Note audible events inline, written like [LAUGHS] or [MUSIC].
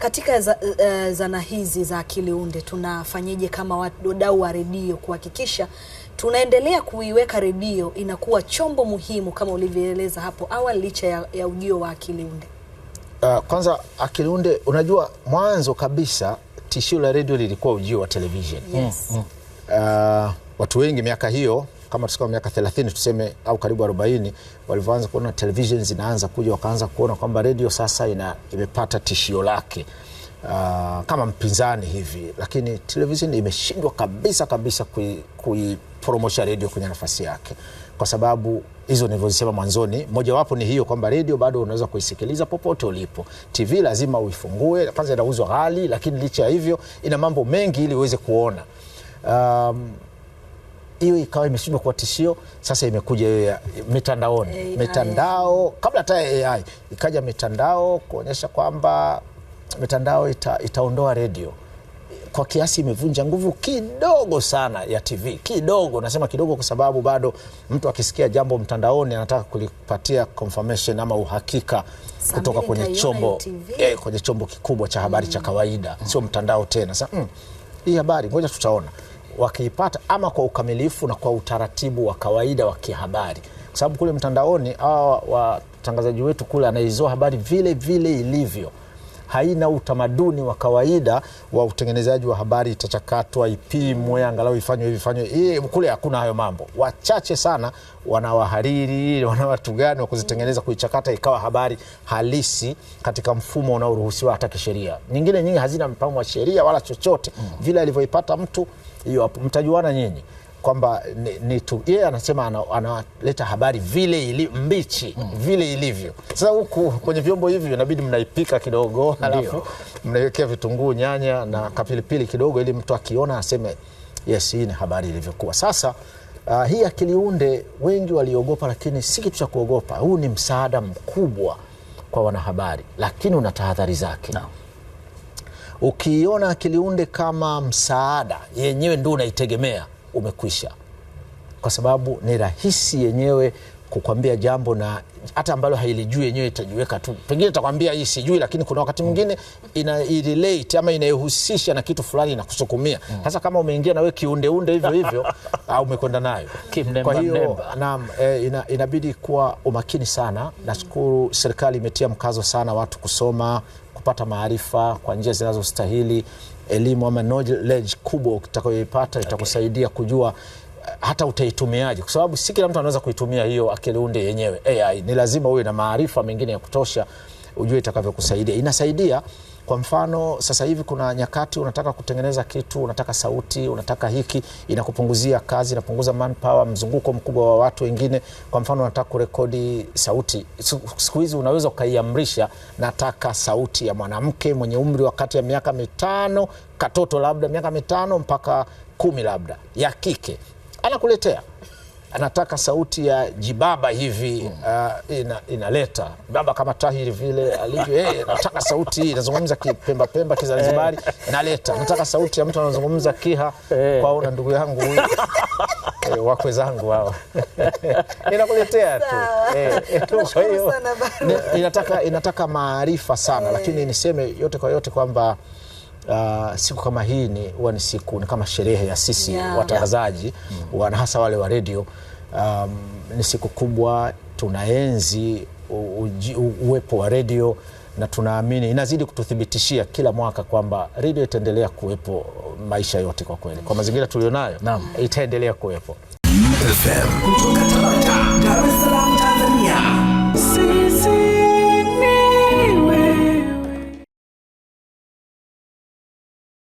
Katika za, uh, zana hizi za akili unde tunafanyeje kama wadau wa redio kuhakikisha tunaendelea kuiweka redio inakuwa chombo muhimu kama ulivyoeleza hapo awali licha ya, ya ujio wa akili unde? Uh, kwanza akili unde, unajua mwanzo kabisa tishio la redio lilikuwa ujio wa televisheni. Yes. mm. Uh, watu wengi miaka hiyo kama tusikao miaka 30 tuseme au karibu 40 walivyoanza kuona television zinaanza kuja, wakaanza kuona kwamba redio sasa ina, imepata tishio lake uh, kama mpinzani hivi, lakini television imeshindwa kabisa kabisa kuipromosha kui redio kwenye nafasi yake kwa sababu hizo nilivyozisema mwanzoni, mojawapo ni hiyo kwamba redio bado unaweza kuisikiliza popote ulipo. TV lazima uifungue kwanza, inauzwa ghali, lakini licha ya hivyo ina mambo mengi ili uweze kuona um, hiyo ikawa imeshindwa kuwa tishio, sasa imekuja hiyo mitandaoni, mitandao kabla hata AI ikaja mitandao kuonyesha kwamba mitandao ita, itaondoa redio kwa kiasi imevunja nguvu kidogo sana ya TV, kidogo. Nasema kidogo kwa sababu bado mtu akisikia jambo mtandaoni anataka kulipatia confirmation ama uhakika Sambili kutoka kwenye chombo, eh, kwenye chombo kikubwa cha habari mm, cha kawaida, sio mtandao tena. Sasa mm, hii habari ngoja tutaona wakiipata ama kwa ukamilifu na kwa utaratibu wa kawaida wa kihabari, kwa sababu kule mtandaoni hawa watangazaji wetu kule anaizoa habari vile vile ilivyo haina utamaduni wa kawaida wa utengenezaji wa habari, itachakatwa, ipimwe, angalau ifanywe hivi ifanywe. Kule hakuna hayo mambo. Wachache sana wanawahariri, wana watu gani wa kuzitengeneza, kuichakata ikawa habari halisi katika mfumo unaoruhusiwa hata kisheria. Nyingine nyingi hazina mpango wa sheria wala chochote, mm. vile alivyoipata mtu hiyo mtajuana nyinyi kwamba ni, ni tu yeye anasema analeta habari vile ili, mbichi mm. vile ilivyo. Sasa huku kwenye vyombo hivi inabidi mnaipika kidogo, alafu mnaiwekea vitunguu, nyanya na kapilipili kidogo, ili mtu akiona aseme yes, hii ni habari ilivyokuwa. Sasa uh, hii akiliunde wengi waliogopa, lakini si kitu cha kuogopa. Huu ni msaada mkubwa kwa wanahabari, lakini una tahadhari zake no. Ukiiona akiliunde kama msaada yenyewe ndio unaitegemea, umekwisha, kwa sababu ni rahisi yenyewe kukwambia jambo na hata ambalo hailijui yenyewe itajiweka tu, pengine itakwambia hii sijui, lakini kuna wakati mwingine ina ama inayehusisha na kitu fulani inakusukumia mm. sasa. Mm. Kama umeingia na wewe kiundeunde hivyo hivyo [LAUGHS] au umekwenda nayo, kwa hiyo naam, e, ina, inabidi kuwa umakini sana. Nashukuru serikali imetia mkazo sana watu kusoma kupata maarifa kwa njia zinazostahili, elimu ama knowledge kubwa utakayoipata itakusaidia okay. kujua eh, hata utaitumiaje, kwa sababu si kila mtu anaweza kuitumia hiyo akiliunde yenyewe AI. Ni lazima uwe na maarifa mengine ya kutosha ujue itakavyokusaidia. Inasaidia kwa mfano, sasa hivi kuna nyakati unataka kutengeneza kitu, unataka sauti, unataka hiki, inakupunguzia kazi, inapunguza manpower, mzunguko mkubwa wa watu wengine. Kwa mfano, unataka kurekodi sauti, siku hizi unaweza ukaiamrisha, nataka sauti ya mwanamke mwenye umri wa kati ya miaka mitano, katoto labda miaka mitano mpaka kumi, labda ya kike, anakuletea anataka sauti ya jibaba hivi uh, ina, inaleta baba kama Tahiri vile alivyo yeye, nataka sauti hii inazungumza kipemba pemba Kizanzibari, naleta nataka sauti ya mtu anazungumza Kiha kwao na ndugu yangu huyu [LAUGHS] eh, wakwe zangu hawa [LAUGHS] inakuletea tu eh, eh, inataka, inataka maarifa sana, lakini niseme yote kwa yote kwamba Uh, siku kama hii ni huwa ni siku ni kama sherehe ya sisi yeah. watangazaji yeah. wana hasa wale wa redio um, ni siku kubwa, tunaenzi uwepo wa redio na tunaamini inazidi kututhibitishia kila mwaka kwamba redio itaendelea kuwepo maisha yote, kwa kweli, kwa mazingira tulionayo itaendelea kuwepo.